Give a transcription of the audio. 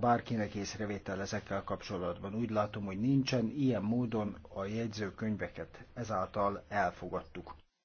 bárkinek észrevétel ezekkel kapcsolatban. Úgy látom, hogy nincsen, ilyen módon a jegyzőkönyveket ezáltal elfogadtuk.